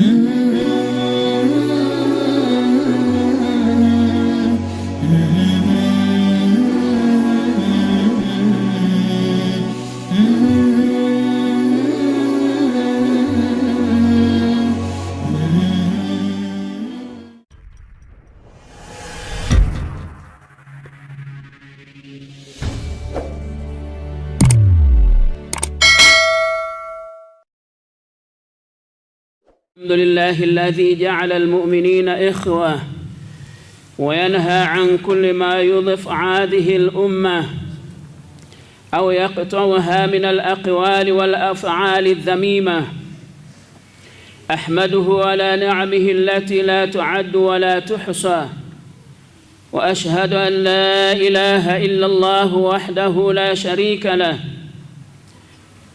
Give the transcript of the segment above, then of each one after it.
Mm-hmm. الحمد لله الذي جعل المؤمنين إخوة وينهى عن كل ما يضف عاده الأمة أو يقطعها من الأقوال والأفعال الذميمة أحمده على نعمه التي لا تعد ولا تحصى وأشهد أن لا إله إلا الله وحده لا شريك له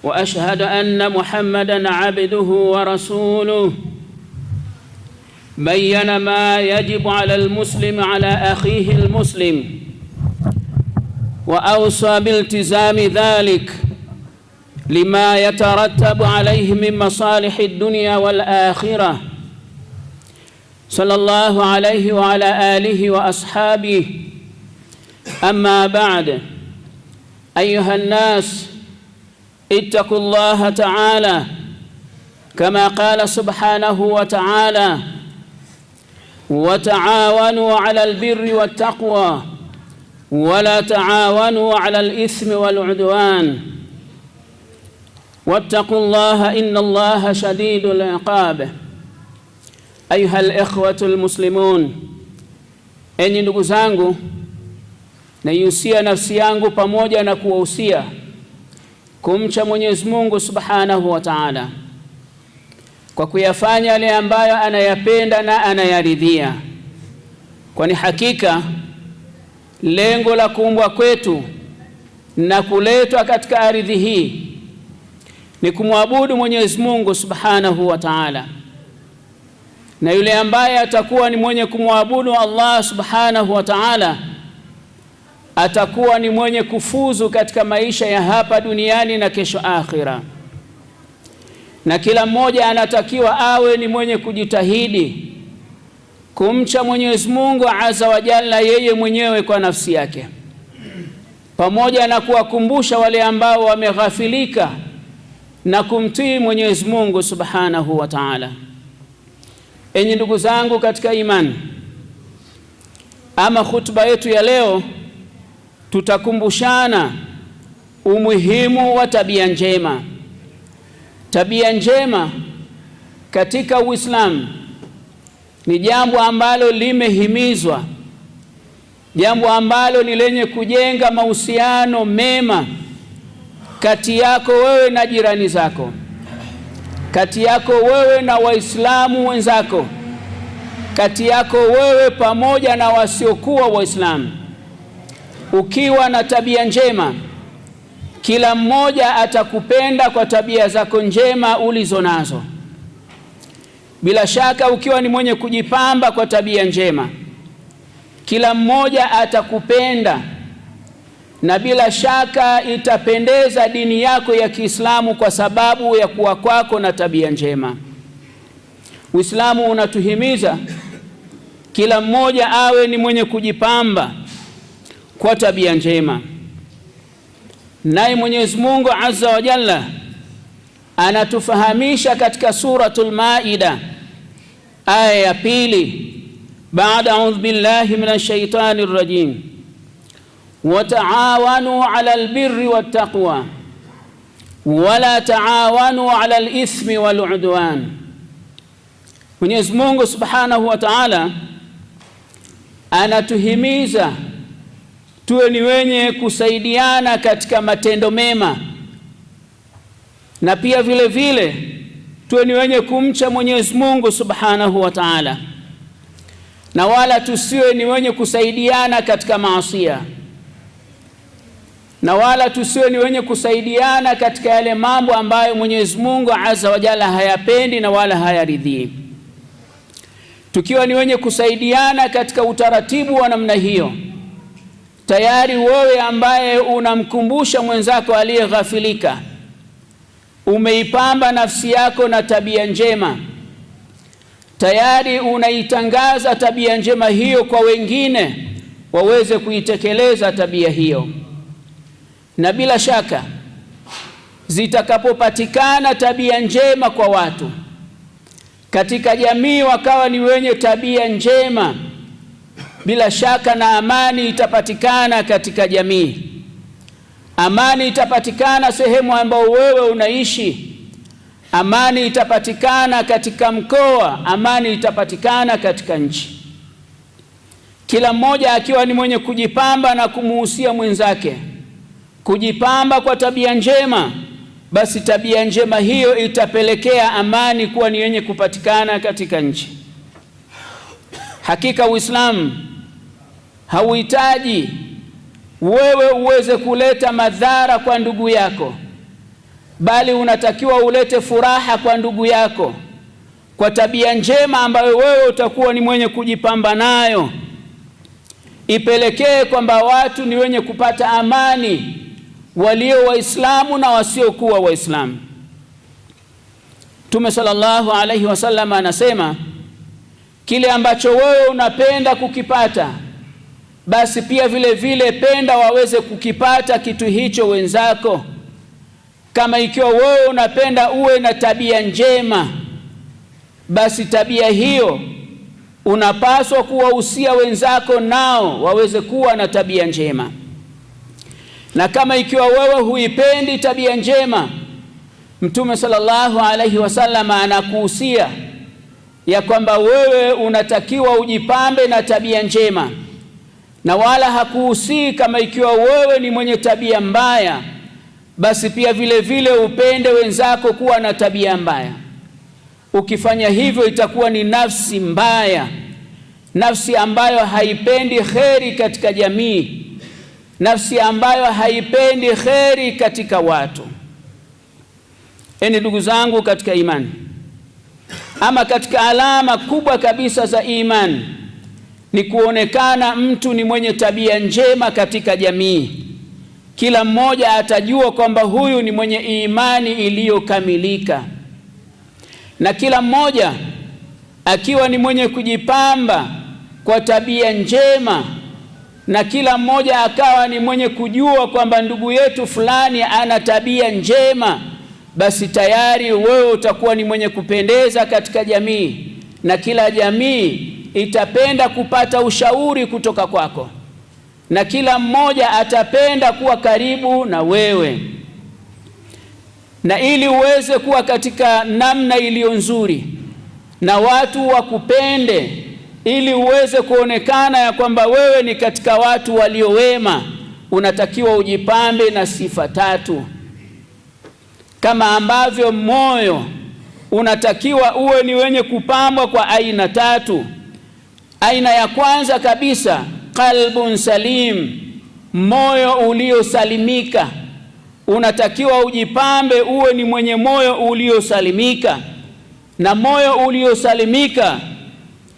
واشهد ان محمدا عبده ورسوله بين ما يجب على المسلم على اخيه المسلم واوصى بالتزام ذلك لما يترتب عليه من مصالح الدنيا والاخره صلى الله عليه وعلى اله واصحابه اما بعد ايها الناس ittaqu llaha taala kama qala subhanahu wa taala wa taawanu ala albirri wattaqwa wala taawanu ala alithmi waludwan wattaqu llaha inna allaha shadidu liqab. Ayuha likhwatu lmuslimun, enyi ndugu zangu, naihusia nafsi yangu pamoja na kuwahusia kumcha Mwenyezi Mungu Subhanahu wa Ta'ala kwa kuyafanya yale ambayo anayapenda na anayaridhia, kwani hakika lengo la kuumbwa kwetu na kuletwa katika ardhi hii ni kumwabudu Mwenyezi Mungu Subhanahu wa Ta'ala, na yule ambaye atakuwa ni mwenye kumwabudu Allah Subhanahu wa Ta'ala atakuwa ni mwenye kufuzu katika maisha ya hapa duniani na kesho akhira. Na kila mmoja anatakiwa awe ni mwenye kujitahidi kumcha Mwenyezi Mungu azza wa jalla, yeye mwenyewe kwa nafsi yake, pamoja na kuwakumbusha wale ambao wameghafilika na kumtii Mwenyezi Mungu subhanahu wa taala. Enyi ndugu zangu katika imani, ama khutba yetu ya leo tutakumbushana umuhimu wa tabia njema. Tabia njema katika Uislamu ni jambo ambalo limehimizwa, jambo ambalo ni lenye kujenga mahusiano mema kati yako wewe na jirani zako, kati yako wewe na Waislamu wenzako, kati yako wewe pamoja na wasiokuwa Waislamu ukiwa na tabia njema, kila mmoja atakupenda kwa tabia zako njema ulizo nazo. Bila shaka, ukiwa ni mwenye kujipamba kwa tabia njema, kila mmoja atakupenda na bila shaka itapendeza dini yako ya Kiislamu kwa sababu ya kuwa kwako na tabia njema. Uislamu unatuhimiza kila mmoja awe ni mwenye kujipamba kwa tabia njema. Naye Mwenyezi Mungu Azza wa Jalla anatufahamisha katika Suratul Maida aya ya pili, baada audhu billahi min shaitani rajim wataawanu ala lbiri wattaqwa wala taawanu ala lithmi waludwan. Mwenyezi Mungu Subhanahu wa Ta'ala anatuhimiza tuwe ni wenye kusaidiana katika matendo mema, na pia vile vile tuwe ni wenye kumcha Mwenyezi Mungu Subhanahu wa Ta'ala, na wala tusiwe ni wenye kusaidiana katika maasia, na wala tusiwe ni wenye kusaidiana katika yale mambo ambayo Mwenyezi Mungu Azza wa Jalla hayapendi na wala hayaridhii. Tukiwa ni wenye kusaidiana katika utaratibu wa namna hiyo Tayari wewe ambaye unamkumbusha mwenzako aliyeghafilika, umeipamba nafsi yako na tabia njema, tayari unaitangaza tabia njema hiyo kwa wengine waweze kuitekeleza tabia hiyo, na bila shaka zitakapopatikana tabia njema kwa watu katika jamii, wakawa ni wenye tabia njema bila shaka na amani itapatikana katika jamii. Amani itapatikana sehemu ambayo wewe unaishi, amani itapatikana katika mkoa, amani itapatikana katika nchi, kila mmoja akiwa ni mwenye kujipamba na kumuhusia mwenzake kujipamba kwa tabia njema, basi tabia njema hiyo itapelekea amani kuwa ni yenye kupatikana katika nchi. Hakika Uislamu hauhitaji wewe uweze kuleta madhara kwa ndugu yako, bali unatakiwa ulete furaha kwa ndugu yako kwa tabia njema ambayo wewe utakuwa ni mwenye kujipamba nayo, ipelekee kwamba watu ni wenye kupata amani, walio Waislamu na wasiokuwa Waislamu. Mtume sallallahu alaihi wasallam anasema, kile ambacho wewe unapenda kukipata basi pia vile vile penda waweze kukipata kitu hicho wenzako. Kama ikiwa wewe unapenda uwe na tabia njema, basi tabia hiyo unapaswa kuwahusia wenzako nao waweze kuwa na tabia njema. Na kama ikiwa wewe huipendi tabia njema, Mtume sallallahu alaihi wasallam anakuhusia ya kwamba wewe unatakiwa ujipambe na tabia njema na wala hakuhusii kama ikiwa wewe ni mwenye tabia mbaya, basi pia vile vile upende wenzako kuwa na tabia mbaya. Ukifanya hivyo itakuwa ni nafsi mbaya, nafsi ambayo haipendi kheri katika jamii, nafsi ambayo haipendi kheri katika watu. Eni ndugu zangu katika imani, ama katika alama kubwa kabisa za imani ni kuonekana mtu ni mwenye tabia njema katika jamii. Kila mmoja atajua kwamba huyu ni mwenye imani iliyokamilika, na kila mmoja akiwa ni mwenye kujipamba kwa tabia njema, na kila mmoja akawa ni mwenye kujua kwamba ndugu yetu fulani ana tabia njema, basi tayari wewe utakuwa ni mwenye kupendeza katika jamii, na kila jamii itapenda kupata ushauri kutoka kwako, na kila mmoja atapenda kuwa karibu na wewe, na ili uweze kuwa katika namna iliyo nzuri na watu wakupende, ili uweze kuonekana ya kwamba wewe ni katika watu waliowema, unatakiwa ujipambe na sifa tatu, kama ambavyo moyo unatakiwa uwe ni wenye kupambwa kwa aina tatu. Aina ya kwanza kabisa, qalbun salim, moyo uliosalimika. Unatakiwa ujipambe uwe ni mwenye moyo uliosalimika, na moyo uliosalimika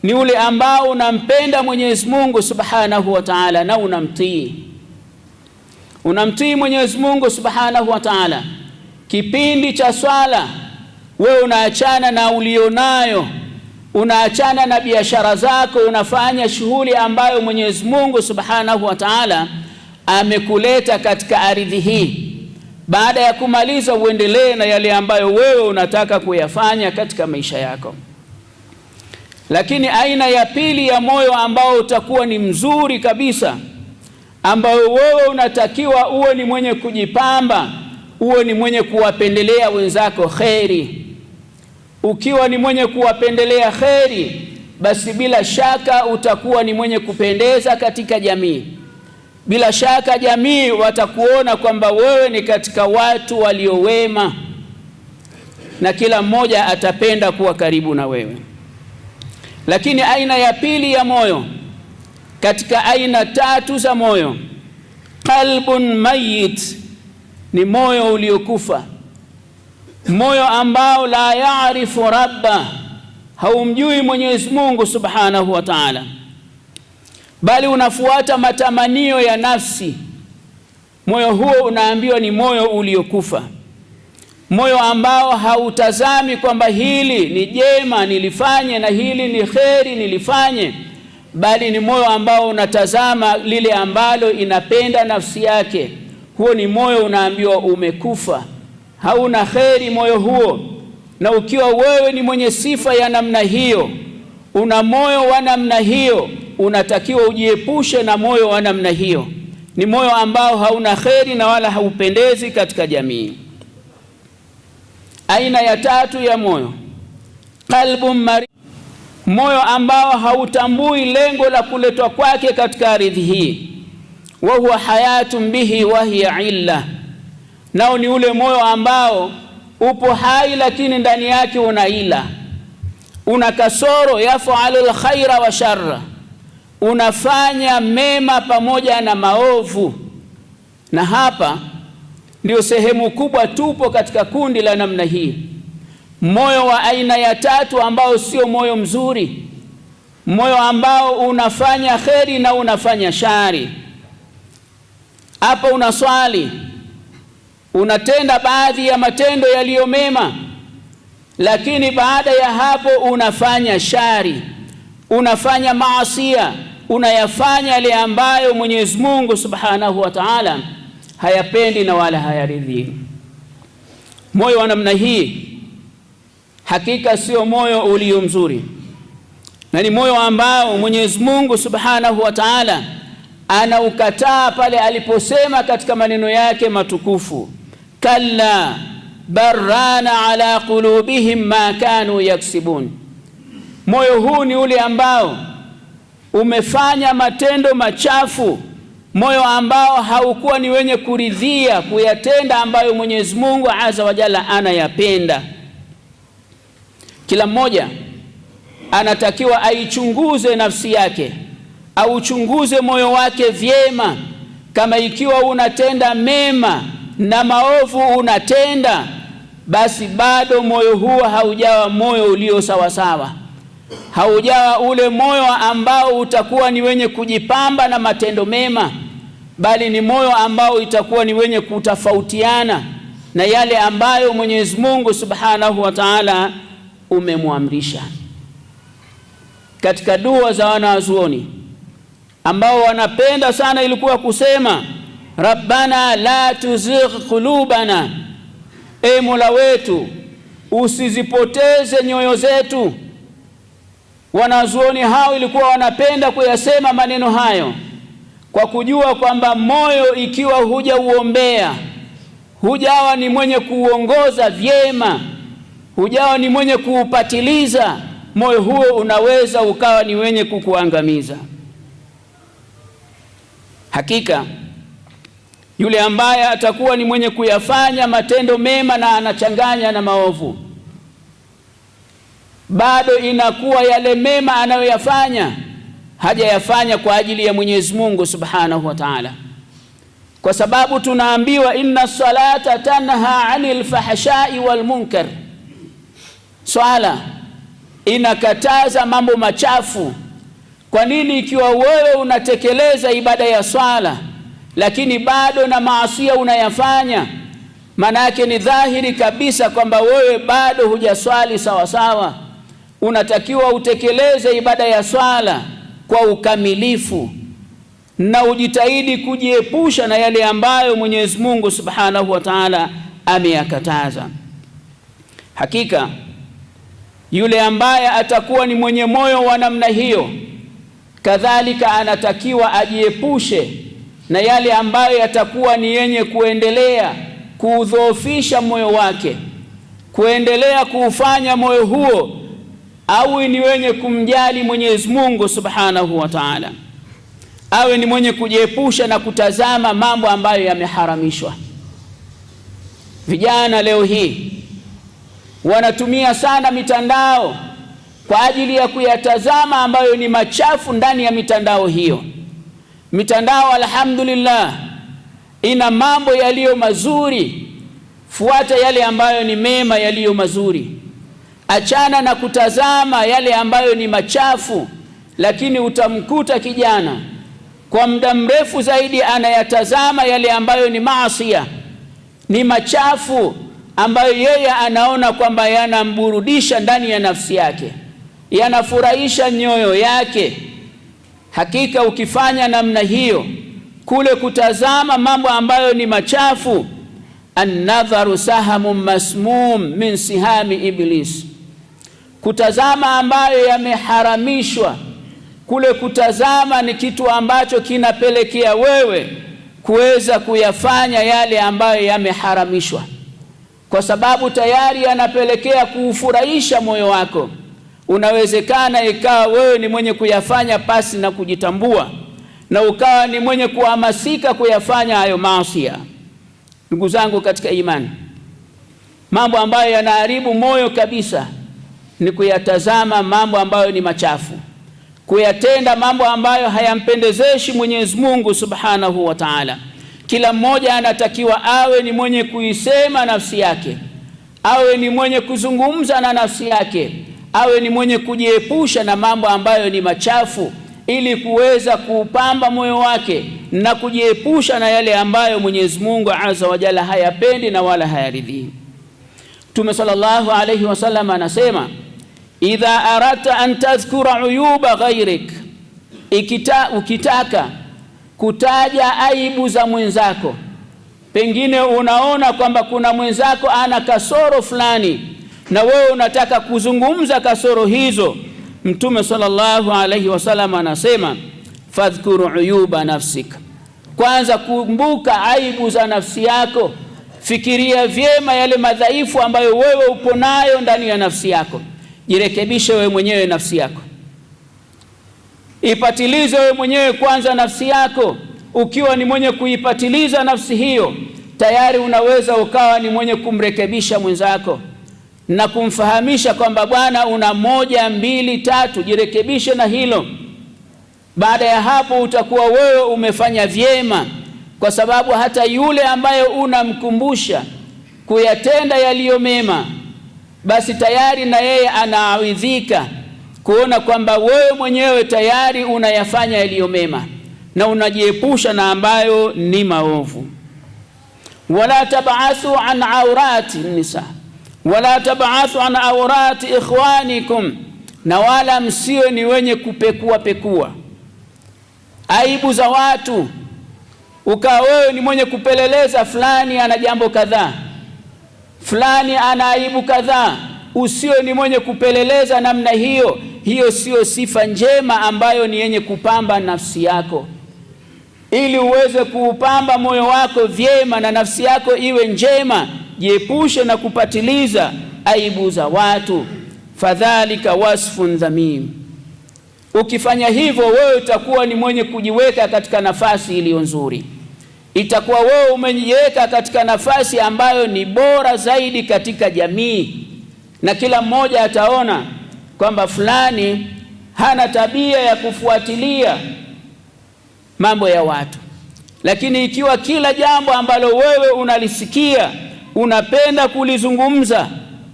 ni ule ambao unampenda Mwenyezi Mungu Subhanahu wa Ta'ala na unamtii, unamtii Mwenyezi Mungu Subhanahu wa Ta'ala. Kipindi cha swala wewe unaachana na ulionayo unaachana na biashara zako, unafanya shughuli ambayo Mwenyezi Mungu Subhanahu wa Ta'ala amekuleta katika ardhi hii. Baada ya kumaliza, uendelee na yale ambayo wewe unataka kuyafanya katika maisha yako. Lakini aina ya pili ya moyo ambao utakuwa ni mzuri kabisa, ambao wewe unatakiwa uwe ni mwenye kujipamba, uwe ni mwenye kuwapendelea wenzako kheri ukiwa ni mwenye kuwapendelea kheri, basi bila shaka utakuwa ni mwenye kupendeza katika jamii. Bila shaka jamii watakuona kwamba wewe ni katika watu waliowema, na kila mmoja atapenda kuwa karibu na wewe. Lakini aina ya pili ya moyo, katika aina tatu za moyo, qalbun mayit, ni moyo uliokufa moyo ambao la yaarifu rabba, haumjui Mwenyezi Mungu subhanahu wa taala, bali unafuata matamanio ya nafsi. Moyo huo unaambiwa ni moyo uliokufa, moyo ambao hautazami kwamba hili ni jema nilifanye na hili ni kheri nilifanye, bali ni moyo ambao unatazama lile ambalo inapenda nafsi yake. Huo ni moyo unaambiwa umekufa hauna kheri moyo huo, na ukiwa wewe ni mwenye sifa ya namna hiyo, una moyo wa namna hiyo, unatakiwa ujiepushe na moyo wa namna hiyo. Ni moyo ambao hauna kheri na wala haupendezi katika jamii. Aina ya tatu ya moyo, qalbu mari, moyo ambao hautambui lengo la kuletwa kwake katika ardhi hii. Wa huwa hayatun bihi wa hiya illa nao ni ule moyo ambao upo hai lakini ndani yake una ila, una kasoro. Yafalu lkhaira wa sharra, unafanya mema pamoja na maovu. Na hapa ndio sehemu kubwa tupo katika kundi la namna hii, moyo wa aina ya tatu ambao sio moyo mzuri, moyo ambao unafanya kheri na unafanya shari. Hapa unaswali unatenda baadhi ya matendo yaliyo mema, lakini baada ya hapo unafanya shari, unafanya maasia, unayafanya yale ambayo Mwenyezi Mungu Subhanahu wa Ta'ala hayapendi na wala hayaridhii. Moyo wa namna hii hakika sio moyo ulio mzuri, na ni moyo ambao Mwenyezi Mungu Subhanahu wa Ta'ala anaukataa pale aliposema katika maneno yake matukufu kalla barana ala qulubihim ma kanu yaksibun, moyo huu ni ule ambao umefanya matendo machafu, moyo ambao haukuwa ni wenye kuridhia kuyatenda ambayo Mwenyezi Mungu azza wa jalla anayapenda. Kila mmoja anatakiwa aichunguze nafsi yake, auchunguze moyo wake vyema, kama ikiwa unatenda mema na maovu unatenda, basi bado moyo huo haujawa moyo ulio sawasawa, haujawa ule moyo ambao utakuwa ni wenye kujipamba na matendo mema, bali ni moyo ambao itakuwa ni wenye kutofautiana na yale ambayo Mwenyezi Mungu Subhanahu wa Ta'ala umemwamrisha. Katika dua za wanazuoni ambao wanapenda sana ilikuwa kusema rabbana la tuzigh qulubana, e mola wetu usizipoteze nyoyo zetu. Wanazuoni hao ilikuwa wanapenda kuyasema maneno hayo kwa kujua kwamba moyo ikiwa hujauombea, hujawa ni mwenye kuuongoza vyema, hujawa ni mwenye kuupatiliza, moyo huo unaweza ukawa ni wenye kukuangamiza hakika yule ambaye atakuwa ni mwenye kuyafanya matendo mema na anachanganya na maovu, bado inakuwa yale mema anayoyafanya hajayafanya kwa ajili ya Mwenyezi Mungu Subhanahu wa Ta'ala, kwa sababu tunaambiwa inna salata tanha anil fahshai wal munkar, swala inakataza mambo machafu. Kwa nini? Ikiwa wewe unatekeleza ibada ya swala lakini bado na maasia unayafanya, maana yake ni dhahiri kabisa kwamba wewe bado hujaswali sawa sawa. Unatakiwa utekeleze ibada ya swala kwa ukamilifu na ujitahidi kujiepusha na yale ambayo Mwenyezi Mungu Subhanahu wa Ta'ala ameyakataza. Hakika yule ambaye atakuwa ni mwenye moyo wa namna hiyo, kadhalika anatakiwa ajiepushe na yale ambayo yatakuwa ni yenye kuendelea kuudhoofisha moyo wake, kuendelea kuufanya moyo huo awe ni wenye kumjali Mwenyezi Mungu Subhanahu wa Ta'ala, awe ni mwenye kujiepusha na kutazama mambo ambayo yameharamishwa. Vijana leo hii wanatumia sana mitandao kwa ajili ya kuyatazama ambayo ni machafu ndani ya mitandao hiyo. Mitandao alhamdulillah ina mambo yaliyo mazuri. Fuata yale ambayo ni mema yaliyo mazuri, achana na kutazama yale ambayo ni machafu. Lakini utamkuta kijana kwa muda mrefu zaidi anayatazama yale ambayo ni maasia, ni machafu, ambayo yeye anaona kwamba yanamburudisha ndani ya nafsi yake, yanafurahisha nyoyo yake Hakika ukifanya namna hiyo, kule kutazama mambo ambayo ni machafu, annadharu sahamu masmum min sihami Iblis, kutazama ambayo yameharamishwa, kule kutazama ni kitu ambacho kinapelekea wewe kuweza kuyafanya yale ambayo yameharamishwa, kwa sababu tayari yanapelekea kuufurahisha moyo wako. Unawezekana ikawa wewe ni mwenye kuyafanya pasi na kujitambua, na ukawa ni mwenye kuhamasika kuyafanya hayo maasi. Ndugu zangu katika imani, mambo ambayo yanaharibu moyo kabisa ni kuyatazama mambo ambayo ni machafu, kuyatenda mambo ambayo hayampendezeshi Mwenyezi Mungu Subhanahu wa Ta'ala. Kila mmoja anatakiwa awe ni mwenye kuisema nafsi yake, awe ni mwenye kuzungumza na nafsi yake awe ni mwenye kujiepusha na mambo ambayo ni machafu, ili kuweza kuupamba moyo wake na kujiepusha na yale ambayo Mwenyezi Mungu Azza wa Jalla hayapendi na wala hayaridhii. Mtume sallallahu alayhi wasallam anasema, idha aradta an tadhkura uyuba ghairik, ikita ukitaka kutaja aibu za mwenzako, pengine unaona kwamba kuna mwenzako ana kasoro fulani na wewe unataka kuzungumza kasoro hizo, Mtume sallallahu alaihi wasallam anasema fadhkuru uyuba nafsika, kwanza kumbuka aibu za nafsi yako. Fikiria vyema yale madhaifu ambayo wewe upo nayo ndani ya nafsi yako, jirekebishe wewe mwenyewe nafsi yako, ipatilize wewe mwenyewe kwanza nafsi yako. Ukiwa ni mwenye kuipatiliza nafsi hiyo, tayari unaweza ukawa ni mwenye kumrekebisha mwenzako na kumfahamisha kwamba bwana, una moja mbili tatu, jirekebishe na hilo. Baada ya hapo utakuwa wewe umefanya vyema, kwa sababu hata yule ambaye unamkumbusha kuyatenda yaliyo mema, basi tayari na yeye anaawidhika kuona kwamba wewe mwenyewe tayari unayafanya yaliyo mema na unajiepusha na ambayo ni maovu. wala tabathu an aurati nisa wala tabathu an awrati ikhwanikum, na wala msiwe ni wenye kupekua pekua aibu za watu, ukawa wewe ni mwenye kupeleleza, fulani ana jambo kadhaa, fulani ana aibu kadhaa, usiwe ni mwenye kupeleleza namna hiyo. Hiyo siyo sifa njema ambayo ni yenye kupamba nafsi yako, ili uweze kuupamba moyo wako vyema na nafsi yako iwe njema jiepushe na kupatiliza aibu za watu, fadhalika wasfun dhamim. Ukifanya hivyo, wewe utakuwa ni mwenye kujiweka katika nafasi iliyo nzuri, itakuwa wewe umejiweka katika nafasi ambayo ni bora zaidi katika jamii, na kila mmoja ataona kwamba fulani hana tabia ya kufuatilia mambo ya watu. Lakini ikiwa kila jambo ambalo wewe unalisikia unapenda kulizungumza,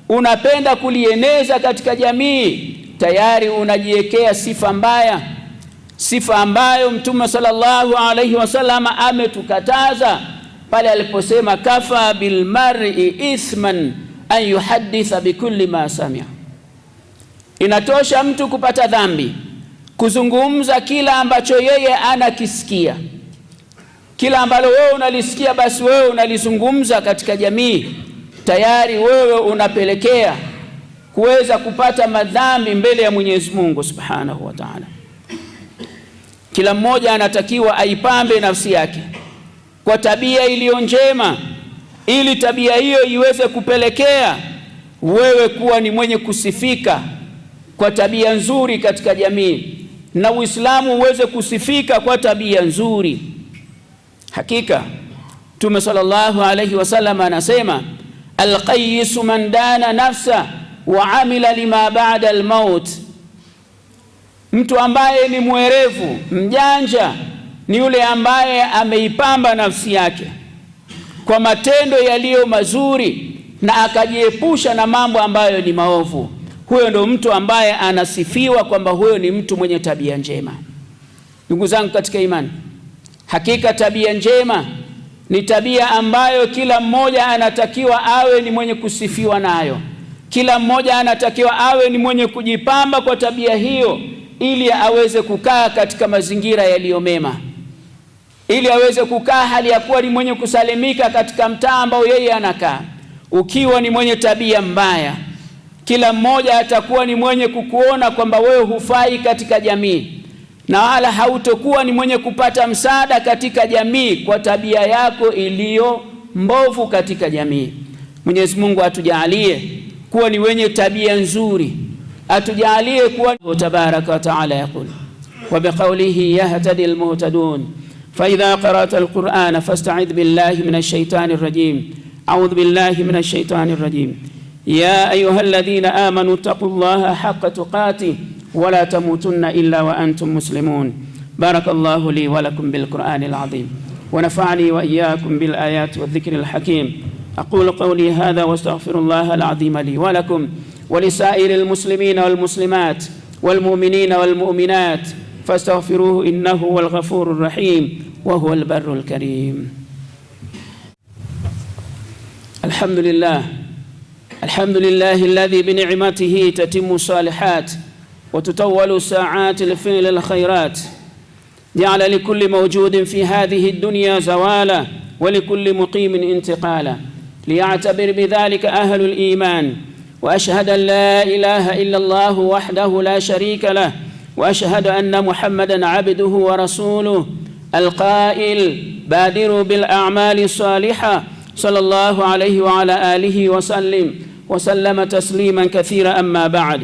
unapenda kulieneza katika jamii, tayari unajiwekea sifa mbaya, sifa ambayo Mtume sallallahu alaihi wasallam ametukataza pale aliposema, kafa bilmari ithman an yuhaditha bikulli ma samia, inatosha mtu kupata dhambi kuzungumza kila ambacho yeye anakisikia. Kila ambalo wewe unalisikia basi wewe unalizungumza katika jamii, tayari wewe unapelekea kuweza kupata madhambi mbele ya Mwenyezi Mungu Subhanahu wa Ta'ala. Kila mmoja anatakiwa aipambe nafsi yake kwa tabia iliyo njema, ili tabia hiyo iweze kupelekea wewe kuwa ni mwenye kusifika kwa tabia nzuri katika jamii, na Uislamu uweze kusifika kwa tabia nzuri. Hakika Mtume sallallahu alayhi wasallam anasema alqayisu man dana nafsa wa amila lima baada almaut, mtu ambaye ni mwerevu mjanja ni yule ambaye ameipamba nafsi yake kwa matendo yaliyo mazuri na akajiepusha na mambo ambayo ni maovu. Huyo ndo mtu ambaye anasifiwa kwamba huyo ni mtu mwenye tabia njema. Ndugu zangu katika imani Hakika tabia njema ni tabia ambayo kila mmoja anatakiwa awe ni mwenye kusifiwa nayo, kila mmoja anatakiwa awe ni mwenye kujipamba kwa tabia hiyo, ili aweze kukaa katika mazingira yaliyo mema, ili aweze kukaa hali ya kuwa ni mwenye kusalimika katika mtaa ambao yeye anakaa. Ukiwa ni mwenye tabia mbaya, kila mmoja atakuwa ni mwenye kukuona kwamba wewe hufai katika jamii na wala hautokuwa ni mwenye kupata msaada katika jamii kwa tabia yako iliyo mbovu katika jamii. Mwenyezi Mungu atujaalie kuwa ni wenye tabia nzuri, atujaalie kuwa. Tabaraka wa taala yaqul wa biqaulihi yahtadi almuhtadun fa idha qara'ta alqur'ana fasta'id billahi minash shaitani rrajim a'udhu billahi minash shaitani rrajim ya ayyuhalladhina amanu taqullaha haqqa tuqatih ولا تموتن إلا وأنتم مسلمون بارك الله لي ولكم بالقرآن العظيم ونفعني وإياكم بالآيات والذكر الحكيم أقول قولي هذا واستغفر الله العظيم لي ولكم ولسائر المسلمين والمسلمات والمؤمنين والمؤمنات فاستغفروه إنه هو الغفور الرحيم وهو البر الكريم الحمد لله الحمد لله الذي بنعمته تتم الصالحات وتطول ساعات الفعل الخيرات جعل لكل موجود في هذه الدنيا زوالا ولكل مقيم انتقالا ليعتبر بذلك أهل الإيمان وأشهد أن لا إله إلا الله وحده لا شريك له وأشهد أن محمدا عبده ورسوله القائل بادروا بالأعمال الصالحة صلى الله عليه وعلى آله وسلم وسلم تسليما كثيرا أما بعد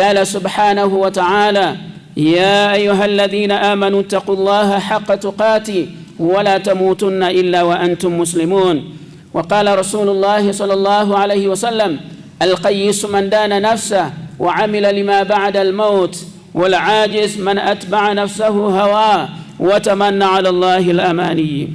قال سبحانه وتعالى يا أيها الذين آمنوا اتقوا الله حق تقاته ولا تموتن إلا وأنتم مسلمون وقال رسول الله صلى الله عليه وسلم القيس من دان نفسه وعمل لما بعد الموت والعاجز من أتبع نفسه هواه وتمنى على الله الأماني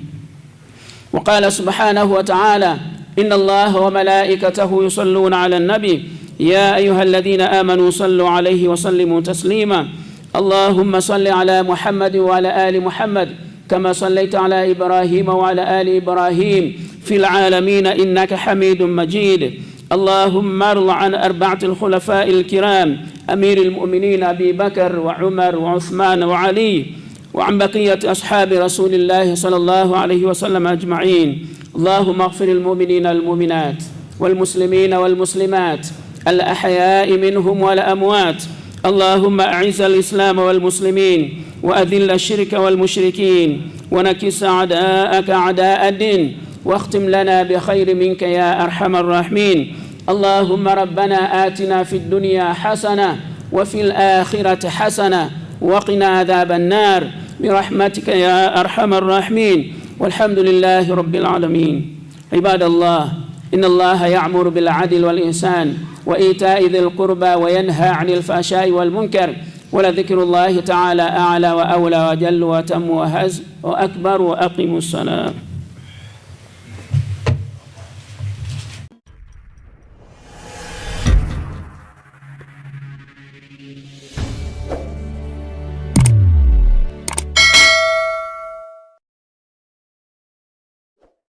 وقال سبحانه وتعالى إن الله وملائكته يصلون على النبي يا أيها الذين آمنوا صلوا عليه وسلموا تسليما اللهم صل على محمد وعلى آل محمد كما صليت على إبراهيم وعلى آل إبراهيم في العالمين إنك حميد مجيد اللهم ارض عن أربعة الخلفاء الكرام أمير المؤمنين أبي بكر وعمر وعثمان وعلي وعن بقية أصحاب رسول الله صلى الله عليه وسلم أجمعين اللهم اغفر المؤمنين والمؤمنات والمسلمين والمسلمات الأحياء منهم والأموات اللهم أعز الإسلام والمسلمين وأذل الشرك والمشركين ونكس أعداءك أعداء الدين واختم لنا بخير منك يا أرحم الراحمين اللهم ربنا آتنا في الدنيا حسنة وفي الآخرة حسنة وقنا عذاب النار برحمتك يا أرحم الراحمين والحمد لله رب العالمين عباد الله إن الله يعمر بالعدل والإحسان وإيتاء ذي القربى وينهى عن الفحشاء والمنكر ولذكر الله تعالى أعلى وأولى وجل وتم وهز وأكبر وأقم الصلاة